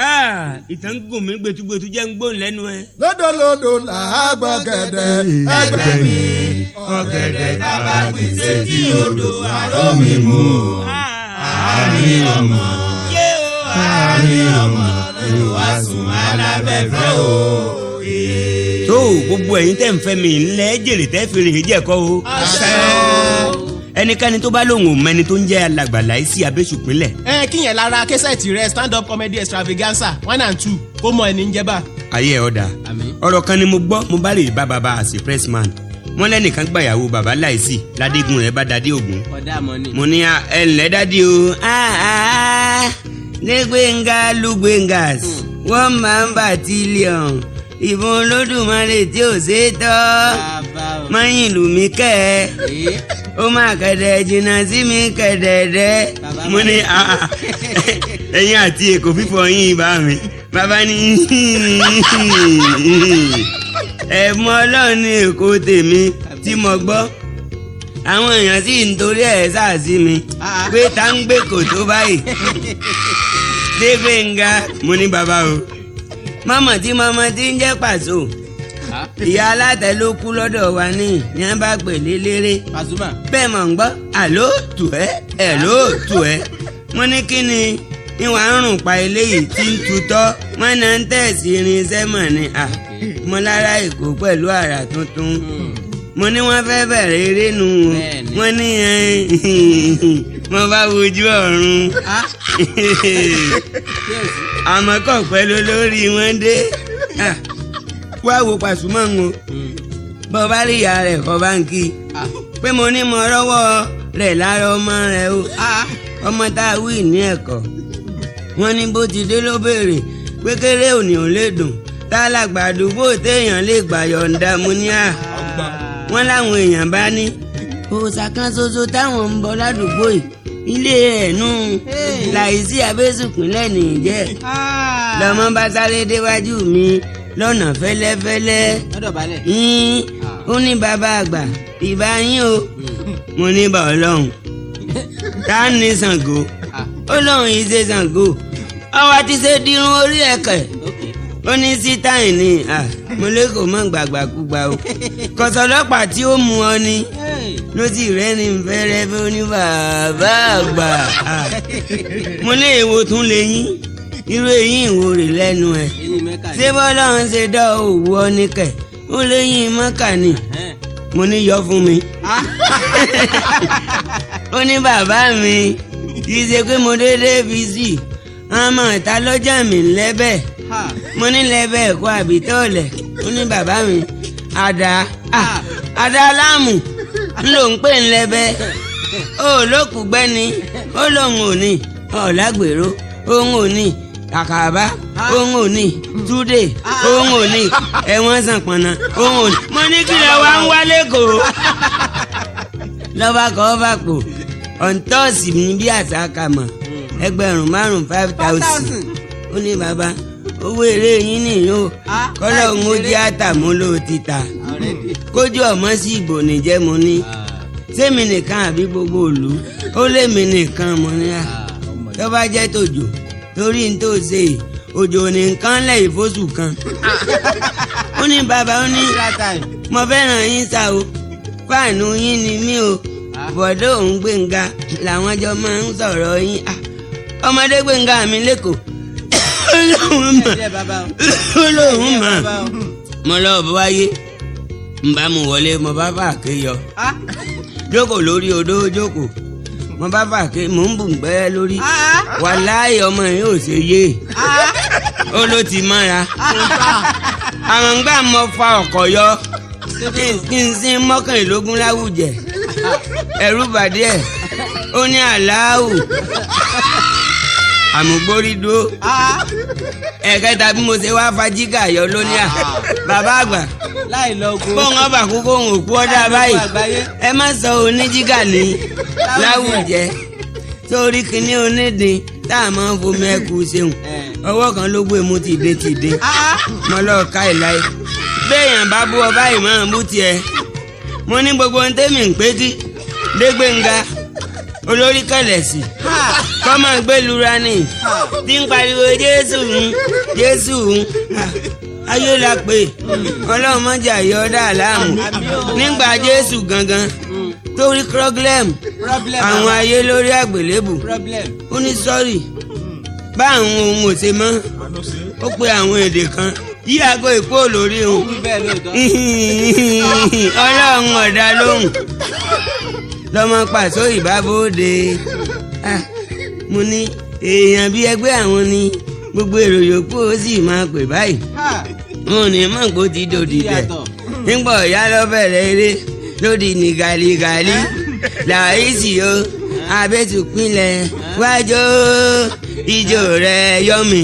Ah, ìtàn gùn mí gbẹtugbẹtu jẹ́ ń gbóhùn lẹ́nu ẹ. lódòlódò là á gbọ́ gẹ̀dẹ̀ ẹgbẹ́ mi ọ̀gẹ̀dẹ̀ bàbá gbèsè tí odò àrò mi mú àárín ah. ọmọ àárín ah. ọmọ olùwàsùn alábẹ́fẹ́ o. tó gbogbo ẹ̀yin tẹ́ ń fẹ́ mi ńlẹ́ jèrè tẹ́ fèrè jẹ̀kọ́ o. àṣẹ o ẹnikẹ́ni tó bá lóun ò mẹni tó ń jẹ́ alàgbà láìsí abésùpínlẹ̀. ẹ kíyẹn lára kẹsẹ̀tì rẹ stand up comedy extravaganza one and two kó mọ ẹni ń jẹ́ bá. ayé ọ̀dà ọ̀rọ̀ kan ni mo gbọ́ mo bá rè bá baba àṣì pressman wọn lẹ́nìkan gbàyàwó baba láìsí ládégún rẹ bá dadé ògún. mo ní ẹ ǹlẹ́ dádì o nígbèǹga lùgbèǹgàs hmm. wọ́n máa ń bà tí ilé ọ̀hún ìbọn olódùmarè tí ò ṣe é tọ́ mọ́yìn lùmí kẹ́ ẹ́ ó máa kẹ̀dẹ̀ jìnnà sí mi kẹ̀dẹ̀dẹ̀ mo ní ẹ̀yin àti èkó fífọ yín bá mi bàbá ní ẹ̀mọ́ ọlọ́run ní èkó tèmi tí mo gbọ́ àwọn èèyàn sì ń torí ẹ̀ sáàsì mi ah. pé tá ń gbé kò tó báyìí débẹ̀ngà mo ní bàbá o mọ́mọ́ tí mọ́mọ́ tí ń jẹ́ pàṣọ Ah. ìyá alátẹ ló kú lọ́dọ̀ wa ní ní a bá pèlè léré bẹ́ẹ̀ mọ̀ ń gbọ́ àló tù ẹ́ ẹ̀ ló tù ẹ́ mo ní kí ni ìwà ń rùn pa eléyìí tí ń tutọ́ wọn náà ń tẹ̀sí irinṣẹ́ mọ̀ ni à mo lára èkó pẹ̀lú àrà tuntun mo ní wọ́n fẹ́ bẹ̀rẹ̀ eré nu wọn ní mo bá wojú ọ̀run ah. àmọ́ kọ̀ lólórí wọn dé. wá wo Pasuma ń o bọ́ba rí ìyá rẹ̀ kọ́ báńkì pé mo ní mo rọ́wọ́ rẹ̀ lára ọmọ rẹ̀ o ọmọ tá a wí ní ẹ̀kọ́ wọn ní bó ti dé ló béèrè pé kéré òní ò lè dùn tá a lágbà àdúgbò téèyàn lè gbà yọ̀ǹda mu ní à wọn láwọn èèyàn bá ní òòṣà kan ṣoṣo táwọn ń bọ ládùúgbò yìí ilé ẹ̀ nù láìsí abẹ́sùkúnlẹ̀ nìjẹ́ ah. lọ́mọ bá sáré déwájú mi lọ́nà fẹ́lẹ́fẹ́lẹ́ hmm. ah. ó ní bàbá àgbà ìbá yín o mo ní bà ọlọ́run tá a ní Ṣàngó ó ah. lóun yìí ṣe Ṣàngó ọwọ́ àti ṣe dirun orí ẹ̀kẹ́ ó ní sítáì ni ah, mo lè mọ́ gbàgbàkúgbà o kọ̀sọ̀lọ́pàá tí ó mú ọ ni ló ti rẹ́rìn fẹ́rẹ́fẹ́ ó ní bàbá àgbà mo lè wo tún lè yín irú eyín ìwòrè lẹ́nu ẹ̀ ṣé bọ́lá ń ṣe dá òwú ọ níkẹ̀ ó léyìn mọ́kà ni mo ní yọ fún mi ah. ó ní bàbá mi kì í ṣe pé mo déédéé fi sí àmọ́ ìta lọ́jà mi lẹ́bẹ̀ mo ní lẹ́bẹ̀ ẹ̀kọ́ àbítọ́ọ̀lẹ̀ ó ní bàbá mi àdá àdá láàmù ńlò ń pè ń lẹ́bẹ̀ ó lókùgbẹ́ni ó lóun ò ní ọ̀làgbèrò òun ò ní àkàbá ohun òní túdé ohun òní ẹ̀wọ̀n sànpọ̀nà ohun òní mo ní kílẹ̀ wa ń wá lẹ́kọ̀ọ́ lọ́ba kọ́ bá pò ọ̀ǹtọ́ọ̀sì ní bí àṣà mọ̀ ẹgbẹ̀rún márùn-ún five thousand ó ní bàbá owó eré yín nìyó kọ́lá òun ó jẹ́ àtàmúlò títà kójú ọmọ sí ìbò nìjẹ́ mo ní ah. sẹ́mi nìkan àbí gbogbo òlu ó lé mi nìkan mo ní à ah, ah, tó jẹ́ tòjò lórí n tó ṣe òjò ní nǹkan lẹ̀ ìfóṣù kan ó ní bàbá ó ní mo fẹ́ràn yín sá o fáànù yín ni mí o bọ̀dọ̀ òun gbẹ̀ngà làwọn jọ máa ń sọ̀rọ̀ yín ah, ọmọdé gbẹ̀ngà mi lẹ́kọ̀ọ́ olóhùn mà olóhùn mà mo lọ bọ wáyé n bá mu wọlé mo bá fà ké yọ ah. jókòó lórí odó jókòó mo bá fà ké mò ń bùngbẹ́ lórí. Ah! wàláhì ọmọ yẹn ò ṣe yé ó ló ti mọ́ra àwọn gbà mọ fa ọkọ̀ yọ kí n sin mọ́kànlélógún láwùjẹ ẹ̀rú bàdí ẹ̀ ó ní àláwù àmúgbórídó ẹ̀kẹta bí mo ṣe wá fajígà yọ lónìí à bàbá àgbà bọ́ọ̀n ọba kókó òkú ọ̀dà báyìí ẹ má sọ oníjígà ní láwùjẹ sórí kinní onídìí tá a máa ń fomi ẹkù ṣeun ọwọ́ kan ló gbé mu tìde tìde ah. mo lọ ka ìláyé béèyàn bá bú ọ báyìí máa mú tiẹ̀ mo ní gbogbo ohun tẹ́mi ń pétí dégbéǹga olórí kẹlẹ̀sì kọ́mọ gbẹ́lura ni tí ń pariwo jésù ń jésù ń ayé la pé hmm. ọlọ́run mọ́jà yọ ọ́ dà láàmú nígbà jésù gangan lórí problem àwọn ayé lórí àgbélébù ó ní sọ́ọ̀rì bá àwọn ohun òsè mọ́ ó pe àwọn èdè kan yí aago ìpó lórí òun ọlọ́run ọ̀dà lóhùn lọ́mọ pàṣọ ìbábòde ah, mo ní èèyàn bíi ẹgbẹ́ àwọn ni gbogbo èrò yòókù ó sì máa pè báyìí wọn ò ní mọ̀ pé ó ti dòdì dẹ̀ nígbà ọ̀yá lọ eré lórí ní gàlígàlí làísì o abẹ́tùpínlẹ̀ wájú ìjọ rẹ̀ yọ̀mí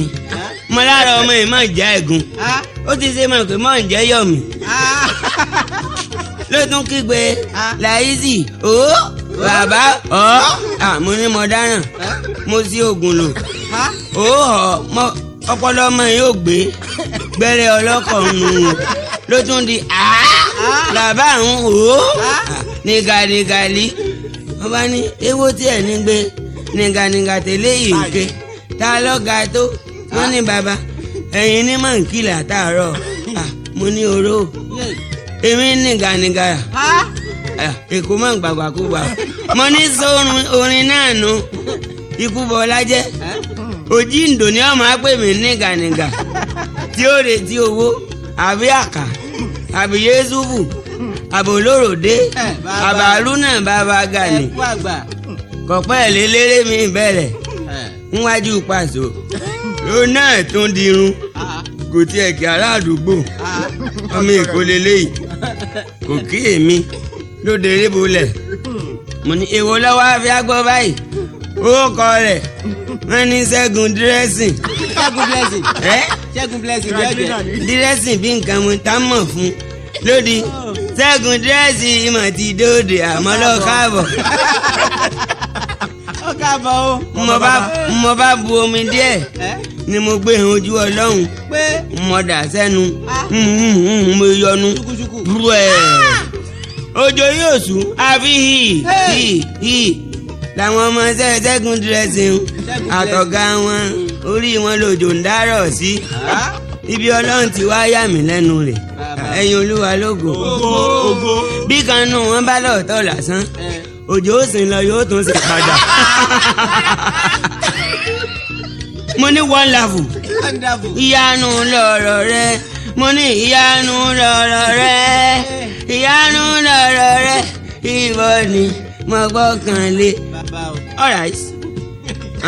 mo lára ọmọ yìí mọ̀ jẹ́ ẹ̀gùn ó ti ṣe mọ̀ pé mọ̀ jẹ́ yọ̀mí ló tún kígbe làísì o bàbá ọ àmú ni mo dáràn mo sí oògùn lò ó ọ ọpọlọ ọmọ yìí ò gbé gbẹrẹ ọlọkọ nù ló tún di àá. làbá ń wò ó ah, ní gàlígàlí wọ́n bá ní ewo tí ẹ̀ ní gbé nìgànìgà tẹ́lẹ̀ yìí ké ta lọ́ga tó wọ́n ní bàbá ẹ̀yin ní mọ̀ ń kìlà tààrọ̀ ah, mo ní oró èmi nìgànìgà ah, èkó mọ̀ ń gbàgbàkúgbà mo ní sórun orin náà nu ikú bọ́lá jẹ́ òjì ǹdò ni ọmọ á pè mí nìgànìgà tí ó retí owó àbí àkà. àbí yézùbù àbí olóròdé àbárúnà eh, bàbá gani kọ̀pẹ́ lélẹ́rẹ́ mi bẹ̀rẹ̀ eh. níwájú pàṣọ ló náà tún dirun kò tiẹ̀ kí aládùúgbò ah. ọmọ èkó lélẹ́yìí kò kí èmi ló déré bolẹ̀ mo ní èwo lọ́wọ́ àfi àgbọ̀ báyìí ó kọ rẹ̀ wọ́n ní ṣẹ́gun dírẹ́sìn. ṣẹ́gun dírẹ́sìn. ẹ ṣẹ́gun dírẹ́sìn bí ọ̀jẹ̀. dírẹ́sìn bí nǹkan mu tá mọ̀ fún lódì ṣẹ́gun dírẹ́sìn ìmọ̀ ti dóde àmọ́ lọ káàbọ̀. ó káàbọ̀ o. mo bá bu omi díẹ̀ ni mo gbé hàn ojú ọlọ́run mo dà sẹ́nu ah. hmm, hmm, hmm, mo yọnu bú ẹ̀ ah! òjò yóò sùn àfi hì hì hì làwọn ọmọ ṣẹ́gun dírẹ́sìn àtọ̀gá wọn orí wọn lòjò ń dárọ̀ sí ah. ibi ọlọ́run ti wá yà mí lẹ́nu rẹ̀ ẹ̀yin olúwa lógo bí kan nù wọn bá lọ́ọ̀tọ̀ lásán eh. òjò ó sìn lọ yóò tún sì padà mo ní wonderful ìyanu lọ̀rọ̀ rẹ mo ní ìyanu lọ̀rọ̀ rẹ eh. ìyanu lọ̀rọ̀ rẹ ìwọ ni mo gbọ́kànlé. alright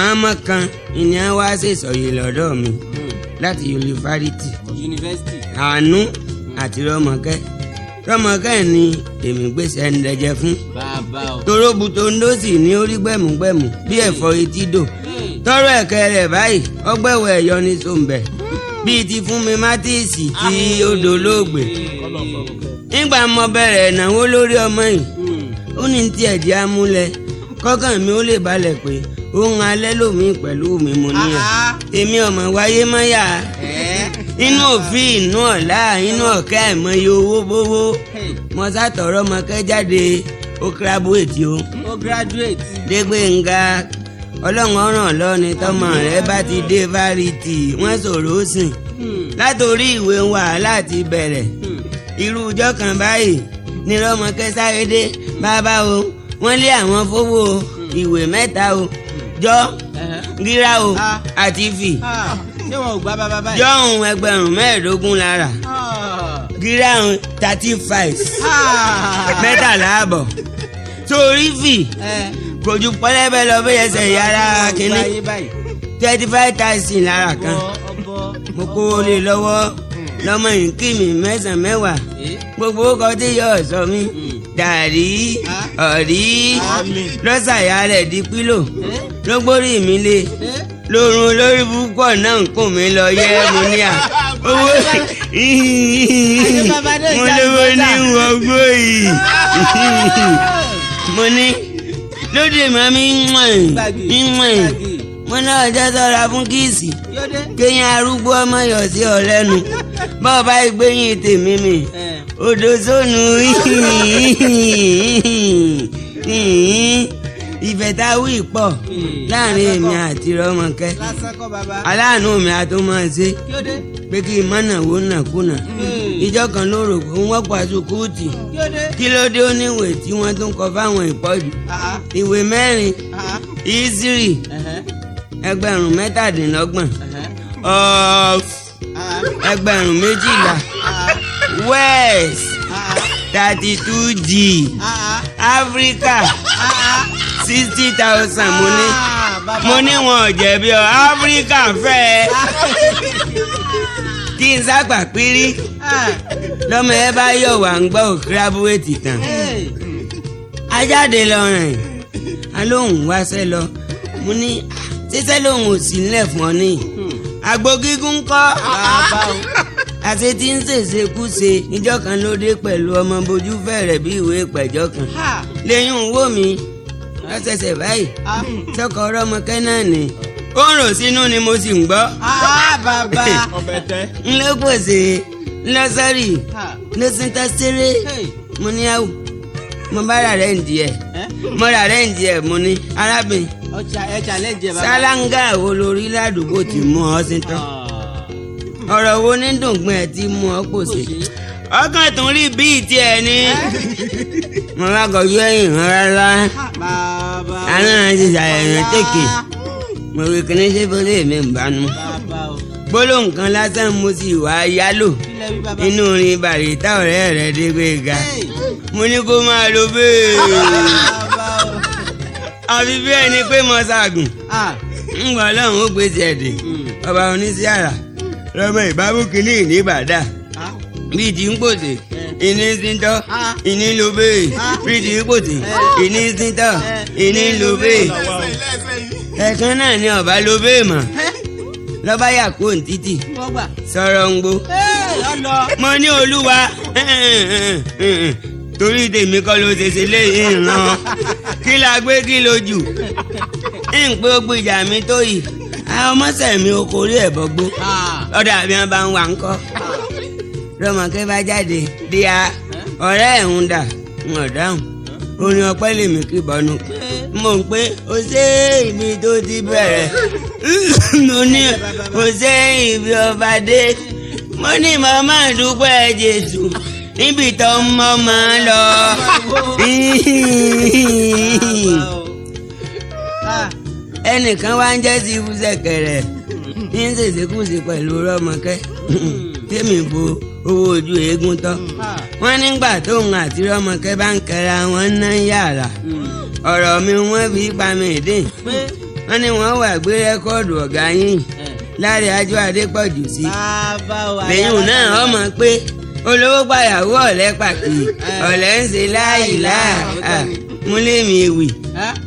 àmọ́ kan ìní á wá ṣèṣọ̀yè lọ́dọ̀ mi láti yunifásitì àánú àti rọmọkẹ́ rọmọkẹ́ ni èmi gbèsè ẹnìdẹ́jẹ fún toróbu tó ń dósì ní orí gbẹ̀mùgbẹ̀mù bí ẹ̀fọ́ etí dò tọrọ ẹ̀kẹ́ rẹ̀ báyìí ọgbẹ́wò ẹ̀yọ ní sọ̀nbẹ̀ bíi ti fún mi mátìsì tí ó dolóògbé nígbà mo bẹ̀rẹ̀ ìnáwó lórí ọmọ yìí hmm. ó ní tiẹ̀ di amúlẹ̀ kọ́kàn mi ó lè balẹ̀ pé òun alẹ́ lòmíì pẹ̀lú mi mo níyàn èmi ọmọ wáyé mọ́yà inú òfin inú ọ̀la inú ọ̀kẹ́ àìmọye owó bówó mo sátọ̀rọ̀ ọmọ jáde ó graduate o. ó graduate. Dégbénga ọlọ́run ọ̀ràn lọ́ni tọmọ rẹ bá ti dé fáritì wọ́n ṣòro sìn hmm. látòrí ìwé wàhálà ti bẹ̀rẹ̀ hmm. irú ọjọ́ kan báyìí ni rọ́mọkẹ́ sáré dé bàbá o wọ́n lé àwọn fowó ìwé mẹ́ta o jọ́ rírà o ah. àti fì ah. jọ́ òun ẹgbẹ̀rún mẹ́ẹ̀ẹ́dógún lára ah. rírà òun thirty five mẹ́tàlá àbọ̀ torí fì eh. kò ju pọ́lẹ́bẹ́ lọ bí ẹsẹ̀ yàrá kínní twenty five thousand lára kan mo kó o lè lọ́wọ́ lọmọ yìí kí mi mẹ́sàn-án mẹ́wàá eh? gbogbo kọ tí yóò sọ mí hmm. dàrí ah. ọ̀rí lọ́sàyà rẹ̀ di pílò eh? lọ́gbórí mi lé eh? lórun olórí púpọ̀ náà ń kùn mí lọ yẹ mo ní à owó mo lówó ní wọgbó yìí mo ní lóde màmí ń wọ̀n ń wọ̀n mo náà jẹ́ sọ́ra fún kíìsì kéyìn arúgbó ọmọ yọ̀ sí ọ lẹ́nu bọ́ọ̀ bá tèmi mi odò sónù ìfẹ̀táwí pọ̀ hmm. láàrin èmi àti rọmọkẹ́ aláàánú mi àtó máa ṣe pé kí n má nàwó nàkúnà hmm. ìjọ kan ló rò pé wọ́n pàṣẹ kúùtì kí ló dé oníwèé tí wọ́n tún kọ fáwọn ìpọ́jù ìwé mẹ́rin ìsírì ẹgbẹ̀rún mẹ́tàdínlọ́gbọ̀n ọf uh-huh. ẹgbẹ̀rún méjìlá uh-huh. west uh-huh. thirty two g africa sixty thousand mo ní ah, mo ní wọn ò jẹ̀bi ọ africa fẹ́ ẹ kí n sápà pírí eh. lọ́mọ ẹ bá yọ̀ wá ń gbọ́ gírábúwèétì tán eh. ajáde lọ rìn alóhùn wáṣẹ́ lọ mo ní ṣíṣẹ́ lòun ò sí nílẹ̀ fún ọ ní. Hmm. àgbo gígùn kọ́ bàbá tí ń ṣèṣe kú ṣe níjọ́ kan ló dé pẹ̀lú ọmọ bojú fẹ̀rẹ̀ bí ìwé ìpẹ̀jọ́ kan lẹ́yìn owó mi hmm. lọ́sẹ̀sẹ̀ báyìí sọ́kọ̀ ọ̀rọ̀ ọmọ kẹ́nà ni ó ń rò sínú ni mo sì ń gbọ́. bàbá ńlẹ́pọ̀sẹ̀ ńlọ́sọ̀rì lọ́sẹ̀ntàṣẹ́rẹ́ mo ní àwò mo bá rà rẹ̀ ń di mo rà rẹ̀ ń di mo ní arábìnrin sálángà wo lórí ládùúgbò ti mú ọ sí tán ah. ọ̀rọ̀ wo ní dùngbọ́n ẹ ti mú ọ kò sí ọkàn tún rí bíi tiẹ̀ ni eh? mo bá kọjú ẹ̀yìn rárá ah, àwọn àti ṣàyẹ̀yẹ̀ tèkè mo rí kíní ṣe fọlé mi ń bánu gbólóhùn kan lásán mo sì wá yálò inú orin bàrítà ọ̀rẹ́ rẹ̀ dé gbé ga mo ní kó máa lo bẹ́ẹ̀. àbí bí ẹni pé mo ṣàgùn ń gbọ́ ọlọ́run ó gbèsè ẹ̀dẹ̀ hmm. ọba oníṣẹ́àrà lọ́mọ ìbámu kìíní ìníbàdà bíi ti ń pòsè ìní síntọ́ ìní ló bẹ́ẹ̀ bíi ti ń pòsè ìní síntọ́ ìní ló bẹ́ẹ̀ ẹ̀kan náà ni ọba ló bẹ́ẹ̀ mọ̀ lọ́ba yà kó títì sọ̀rọ̀ ń gbó mo ní olúwa torí tèmi kọ́ ló ṣe ṣe léyìí ìran kí la gbé kí lo jù ń pé ó gbìjà mi tó yìí àwọn ọmọọṣẹ́ mi ò kò rí ẹ̀bọ gbó ọ̀dọ̀ àbí wọn bá ń wà ń kọ́ rọmọkẹ́ bá jáde di a ọ̀rẹ́ ẹ̀ ń dà ń ọ̀dáhùn orin ọpẹ́ lèmi kì bọ́nu mo ń pé o ṣe ibi tó ti bẹ̀rẹ̀ mo ní o ṣe ibi ọba dé mo ní màmá dúpẹ́ Jésù. níbi tó ń mọ́ máa ń lọ. ẹnìkan wá ń jẹ́ sí ibùsẹ̀kẹ̀rẹ̀ ní ṣèṣekúṣe pẹ̀lú rọ́mọkẹ́ tèmi bo owó ojú eégún tán hmm. wọ́n nígbà tóun àti rọ́mọkẹ́ bá ń kẹ́ra wọn ná yàrá hmm. ọ̀rọ̀ mi wọ́n fi pa mí dín wọ́n ní wọ́n wà gbé rẹ́kọ́ọ̀dù ọ̀gá yín eh. láre ajọ́ adépọ̀jù sí lẹ́yìn náà ọmọ olówó gbàyàwó ọ̀lẹ́ pàkì ọ̀lẹ́ ń ṣe láìlá mo lé mi ewì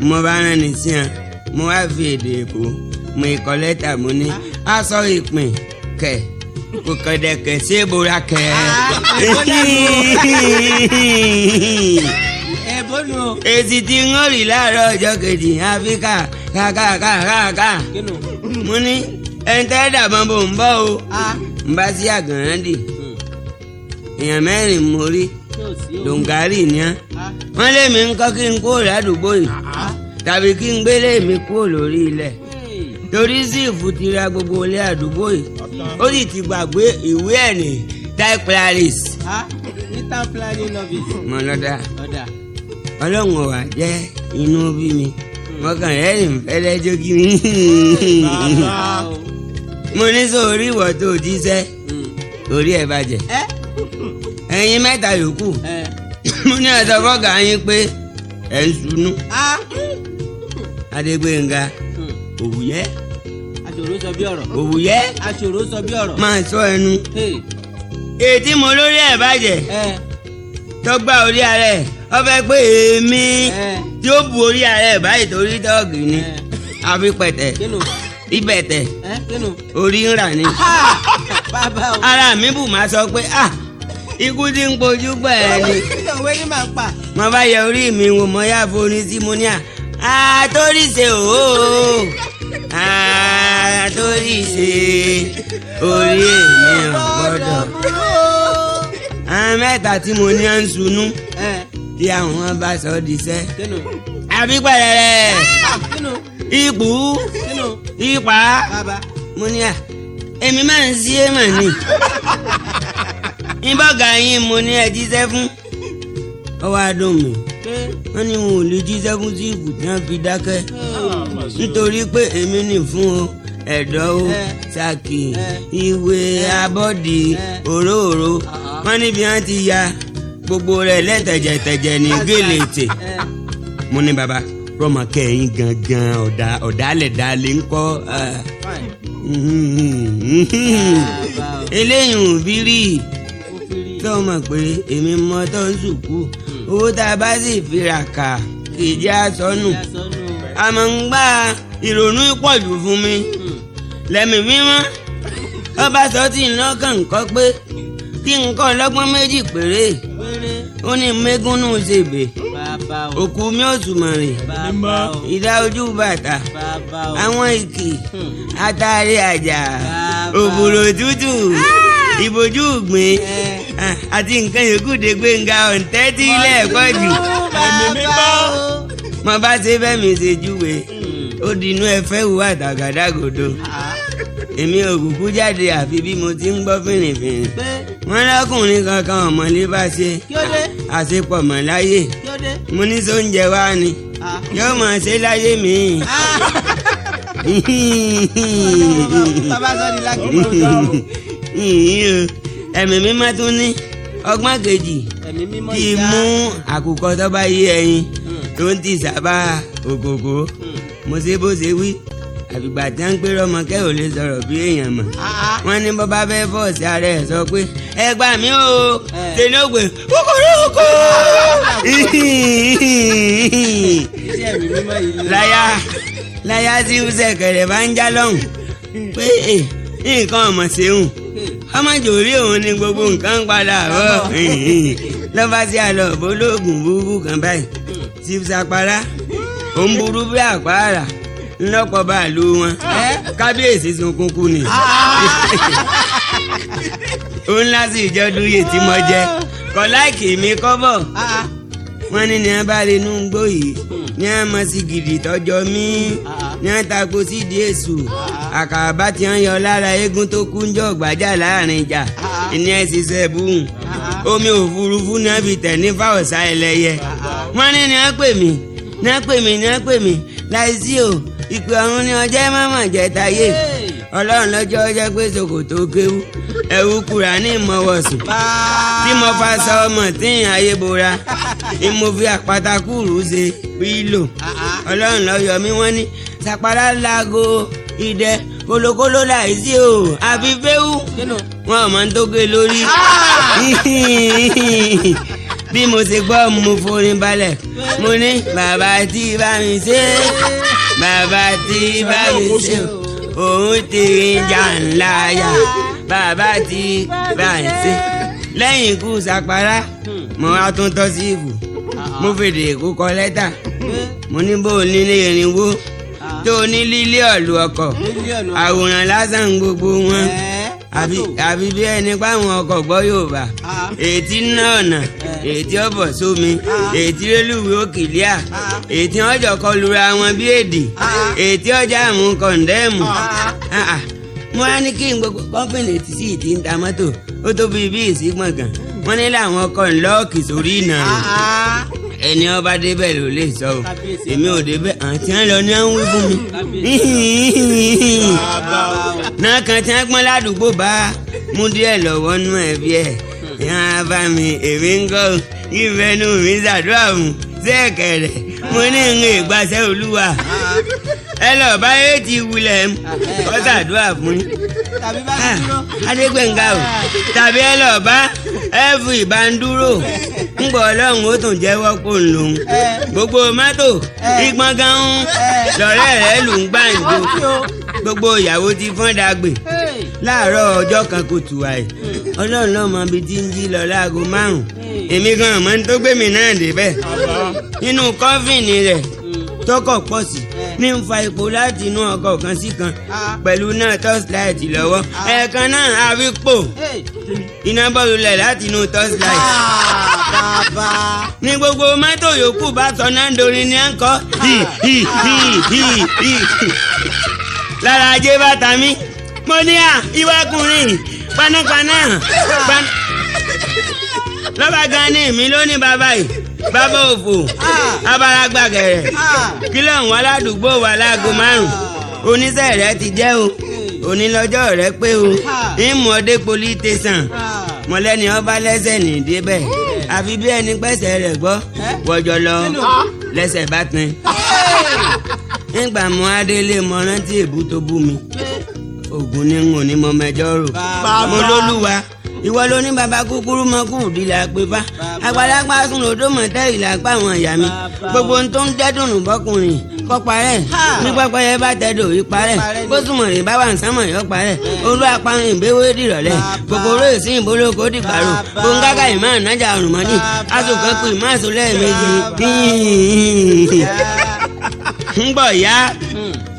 mo bá rán ni sí hàn mo wá fi èdè èbó mo ìkọ́ lẹ́tà mo ní aṣọ ìpín kẹ̀ kò kọ̀dẹ̀ sí ìbora kẹ̀. èsì tí ń rí láàárọ̀ ọjọ́ kejì áfíríkà kàkàkàkà mo ní ẹ̀ńtẹ́ dàbọ̀n bò ń bọ̀ o n bá sí àgànrán dì. èèyàn mẹ́rin mórí dòǹgárì ni wọ́n lé mi ń kí n kó yìí tàbí kí n gbélé mi lórí torí gbogbo ilé àdúgbò yìí ó sì ti gbàgbé ìwé ẹ̀ ní typlaris. mo lọ́dà ọlọ́run jẹ́ inú bí mi mo kàn fẹ́lẹ́ mi. mo ní sọ orí ìwọ tó hmm. orí ẹ̀ Eyin mẹta yòókù mo ní ẹ̀sọ́ fọ́gà yín pé ẹ̀ ń sunú Adégbénga hmm. òwúyẹ́ aṣòro sọ bí ọ̀rọ̀ máa sọ ẹnu ètí mo lórí orí pé èmi tí ó bu orí ara báyìí ni àfi orí ń rà ara mi bù máa sọ ah, ikú tí ń pojú gbà ẹ ni. òwe ni màá pa. mo bá yẹ orí mi wò mo yá forin sí mo ní à àtórí ṣe òó àtórí ṣe orí èmi ò gbọ́dọ̀. àwọn mẹ́ta tí mo ní à ń sunú tí àwọn bá sọ di sẹ́. àbí pẹ̀lẹ́rẹ́ ah, ipò ipa mo ní à èmi máa ń sí èèmọ̀ ni. ìbọ̀gà yín mo ní ẹ jíṣẹ́ fún ọwọ́ adùnmí wọ́n ní wọn ò lè jíṣẹ́ fún sí ìkùtàn fi dákẹ́ nítorí pé èmi nì fún o ẹ̀dọ́ o sàkì eh, eh, ìwé eh, abọ́dì òróòro ah, ah. wọ́n níbi wọn ti ya gbogbo rẹ̀ lẹ́tẹ̀jẹ̀tẹ̀jẹ̀ ní gélètè mo ní baba rọmọ kẹyìn gangan ọ̀dà ọ̀dàlẹ̀ dalẹ̀ ńkọ́ ah, eléyìí ò bí rí i kẹ́ ọ mọ̀ pé èmi mọ tó ń sùkú owó tá a bá sì fi rà kà kì í jẹ́ àsọnù àmọ́ ń gbà ìrònú pọ̀jù fún mi lẹ́mí mímọ́ ọba sọ tí ń lọ́kàn kọ́ pé kí n kọ́ lọ́gbọ́n méjì péré ó ní mẹ́gúnnù ṣèbè òkú mi ò sùmọ̀rìn ìdá ojú bàtà àwọn ìkì àtàrí àjà òbòrò tútù ìbòjú ìgbín. Eh, àti nǹkan yòókù dé gbẹ̀ngà ọ̀ǹtẹ́tì ilé ẹ̀kọ́ jù ẹ̀mí mímọ́. mo bá ṣe fẹ́ mi ṣe júwe hmm. ó di inú ẹfẹ́ wù àtàgàdàgodo èmi ò kúkú jáde àfi bí mo ti ń gbọ́ fìrìfìrì wọn lọkùnrin kankan ọmọlé bá ṣe àṣepọ̀ mọ́ láyé mo ní sóúnjẹ wá ni ah. yóò mọ̀ ṣe láyé mi ah. bàbá sọ ni lákìlì ẹ̀mí mímọ́ tún ní ọgbọ́n kejì ti mú àkùkọ tó bá ẹyin hmm. tó ń ti sábà òkòkò hmm. mo ṣe bó ṣe wí àgbègbè àti à ń pé ò lè sọ̀rọ̀ bí èèyàn mọ̀ ah, ah. wọ́n ní bọ́ bá fẹ́ fọ́ọ̀sì ara ẹ̀ sọ pé ẹ gbà mí o tẹ̀lé ògbè kókòrò kó. láyà láyà tí ń sẹ̀kẹ̀rẹ̀ bá ń já lọ́hùn pé eh, nǹkan ọ̀mọ̀ ṣeun kọ́mọ̀jòrí òun ni gbogbo nǹkan padà rọ̀ lọ́ba tí a lọ bólóògùn burúkú kan báyìí ti sapara ó ń burú bí àpáàrà ńlọ́pọ̀ bá lu wọn kábíyèsí sunkún kú ni òun ah. láti ìjọ dúyè tí mo jẹ kọ láìkì mi kọ́bọ̀ ah. wọ́n ní ní abáre inú gbòyè ní àmọ́ sí gidi tọ́jọ́ mí ah. ní àtakò sídìí èṣù àkàbà tí wọ́n yọ lára eégún tó kú ń jọ gbàjà láàrin ìjà ìní ẹ̀ ṣiṣẹ́ búhùn omi òfurufú ni wọ́n fi tẹ̀ ní fáwọ̀sá ẹlẹ́yẹ wọ́n ní ni wọ́n pè mí ni wọ́n pè mí ni wọ́n pè mí láì sí o ìpè ọ̀run ni ọjẹ́ mọ́mọ́ jẹ́ táyé ọlọ́run lọ́jọ́ ọjọ́ pé ṣòkòtò kéwú ẹ̀wù kura ní ìmọ̀wọ̀sùn tí mo fa sọ ọmọ tí ń ayé bora ìmọ̀fi àpátákùrú ṣe pílò ọlọ́run lọ́yọ̀ mi wọ́n ní sàpàlà láago ìdẹ kólókóló láìsí o àfi fẹ́wù wọn máa ń tóge lórí ah! bí mo ṣe gbọ́ mo forin balẹ̀ mo ní bàbá tí bá mi ṣe bàbá tí bá mi ṣe òun ti ń jà ńlá bàbá tí bá mi ṣe lẹ́yìn ikú sàpárá mo wá tún tọ́ sí ìkù mo fèdè èkó kọ lẹ́tà mo ní bó o nílé irinwó tó ní lílíọ̀lù ọkọ̀ àwòrán lásán gbogbo wọn àbí bí ẹni páwọn ọkọ̀ gbọ́ Yorùbá ah. ètí náà nà ètí ọ̀bọ̀ sómi ah. ètí rélùwé òkìlíà ah. ètí ọjọ́ kọlura wọn bí èdè ètí ọjà mú kọ̀ǹdẹ́mù mo á ní kí n gbogbo kọ́ńpìnì ti sí ìdí ń ta mọ́tò ó tóbi bí ìsígbọ̀ngàn hmm. wọ́n ní làwọn ọkọ̀ ńlọ́ọ̀kì sórí ìnà rẹ̀ ẹni ọba débẹ̀ ló lè sọ o èmi ò débẹ̀ àti ẹ̀ lọ ní àwọn wí fún mi. náà kan tí wọ́n pọ́n ládùúgbò bá mú díẹ̀ lọ́wọ́ nú ẹ̀ bí ẹ̀ yàn á bá mi èmi ń gọ́ ìfẹ́nu mi ṣàdúrà mu sẹ́ẹ̀kẹ̀rẹ̀ mo ní ń gbàṣẹ́ olúwa. ẹlọ lọ bá éèdì wulẹ̀ mu kó ṣàdúrà fún yín ah, adégbèǹga o tàbí ẹlọ bá ẹ̀fù ìbándúró ńgbọ́ ó tún eh. gbogbo mato, igbọ́n eh. gan-an eh. lọ́rẹ́ lù gbogbo ìyàwó ti dàgbé ọjọ kan kò tù wáyé hmm. náà mọ lọ láago márùn hmm. èmi ní tó ní ń fa epo láti inú ọkọ̀ kan sí kan pẹ̀lú náà torchlight lọ́wọ́ ẹ̀ẹ̀kan náà àrípò iná bọ́ọ̀lù lẹ̀ láti inú torchlight. ni gbogbo mọ́tò yòókù bá sọ náà dorin ní ẹ̀ńkọ́ lára ajé bàtà mi mo ní à ìwákùnrin panápaná lọ́ba gan ni èmi ló bàbá yìí bàbá òfò ah. abaragbàgẹ̀rẹ̀ ah. kílọ̀ ń wá ládùúgbò wa láago márùn-ún ah. oníṣẹ́ rẹ ti jẹ́ o hmm. onílọ́jọ́ rẹ pé o ìmọ̀ọ́dé poli tẹ̀sán mọ̀lẹ́ni ọba lẹ́sẹ̀ nìdí bẹ́ẹ̀ hmm. àfi bí ẹni pẹ́sẹ̀ rẹ̀ gbọ́ eh? wọ́jọ lọ lẹ́sẹ̀ bá tin eh. nígbà mọ adélé mọ rántí èbú tó bú mi eh. ògùn ni n ò ní mọ mẹjọ rò mo lólúwa ìwọ ló ní baba kúkúrú mọkùn òdì là pé bá àgbàlagbà sùn lòdó mọtẹ́lì là pa àwọn ìyá mi gbogbo ohun tó ń jẹ́dùn bọ́kùnrin kọ́ parẹ́ ní pọ́pẹ́yẹ bá tẹ̀dọ̀ yìí parẹ́ bó sùnmọ̀ rè bá wà ń sámọ̀ yọ parẹ́ olú apárin ìgbéwé dìrọ̀lẹ́ kòkòrò ìsìn ìbólókò dìparò gbóngàgà ìmọ̀ ànájà àrùmọ́dì asòkan kù ìmọ̀ àsòlẹ̀ méjì ń bọ̀ yá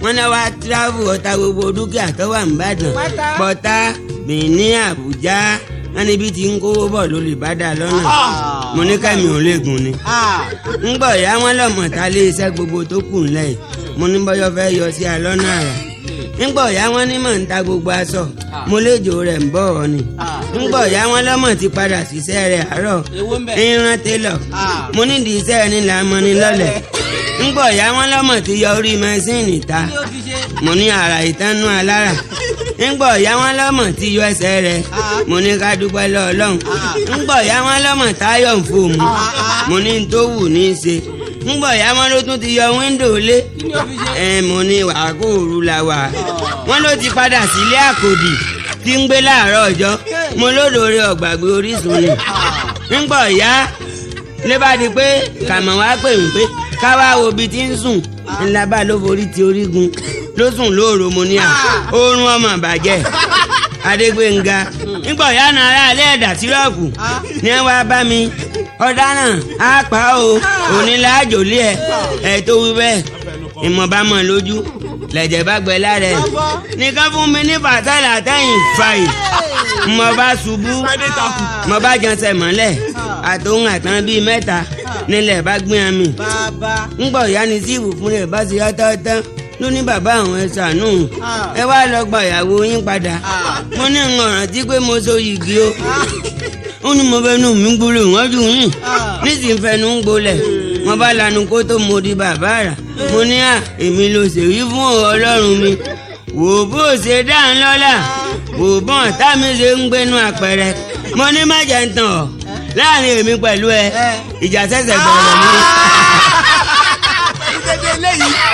wọn náà wá tíráàbù ọ̀tá gbogbo dúkìá tó wà ń bàdàn pọ̀tá Benin Àbújá níbi tí ń kówó bọ̀ ló lè bá dà lọ́nà ah. mo ní kẹ́mi ò lè gùn ni. Ah. ń gbọ̀ ìyá wọn lọ́mọ ta lé iṣẹ́ gbogbo tó kù ńlẹ̀ mo ní bọ́yọ̀ fẹ́ yọ sí alọ́nà àrà ńgbọ̀ ìyá wọn ní mọ̀ ń ta gbogbo aṣọ ah. mo léjò rẹ̀ ń bọ̀ ọ́ ni ńgbọ̀ ìyá wọn lọ́mọ ti padà síṣẹ́ rẹ̀ àárọ̀ ìran télọ̀ mo nídìí iṣẹ́ ẹni là mọ́ ni lọ́lẹ̀ ńgbọ̀ ìyá wọn lọ́mọ ti yọ orí mẹ́sìnì ta mo ní àrà ìtẹ́nu alára ńgbọ̀ ya wọn lọ́mọ tí yọ ẹsẹ̀ rẹ̀ ah. mo ní ká dúpẹ́ lọ́ọ̀lọ́hún ah. ńgbọ̀ ya wọn lọ́mọ táyọ̀ ń fò mu ah, mo ní tó wù ní í ṣe ńgbọ̀ ya wọn ló tún ti yọ wíńdò lé ẹ mo ní wàkóòrú la wà wọn ló ti padà sílé àkòdì tí ń gbé láàárọ̀ ọjọ́ mo lódòore ọ̀gbàgbé Orísun ni ńgbọ̀ ya lé bá di pé kàmọ́ wá pè ń pé ká wá wo ibi tí ń sùn ńlá bá ló forí ti orígun ló sùn lóòrò mo ní à ah. oorun ọmọ àbàjẹ́ adégbénga ah. nígbà ọ̀yá náà aráàlẹ́ ẹ̀dà sírọ́ọ̀kù ah. ni wọ́n bá mi ọ̀dà náà á pa o onílà ẹ̀ ẹ̀ tó wí bẹ́ẹ̀ ìmọ̀bámọ̀ lójú lẹ̀jẹ̀ bá gbẹ lára ẹ̀ nìkan fún mi ní fàtàlà àtẹ̀yìn fàì mo ṣubú mo jẹnsẹ̀ mọ́lẹ̀ àtòhun àtàn bíi mẹ́ta nílẹ̀ bá gbé hàn mí ń gbọ̀ ìyá ni fún rẹ̀ bá ṣe yá tán tán ló ní bàbá àwọn ẹ ṣàánú ah. ẹ wá lọ gba ìyàwó yín padà ah. mo ní ń rántí pé mo so yìgì o ah. ó ní mo fẹnu mi gbúlò wọn jù yín nísìnyí fẹnu ń gbolẹ̀ mo bá lanu kó tó mo di bàbá rà mo ní à èmi ló ṣèyí fún ọlọ́run mi wò bó ṣe dá ń lọ́lá wò bọ́n tá mi ṣe ń gbénu àpẹẹrẹ mo ní má jẹ́ ń tàn ọ́ láàrin èmi pẹ̀lú ẹ eh. ìjà ṣẹ̀ṣẹ̀ bẹ̀rẹ̀ ni.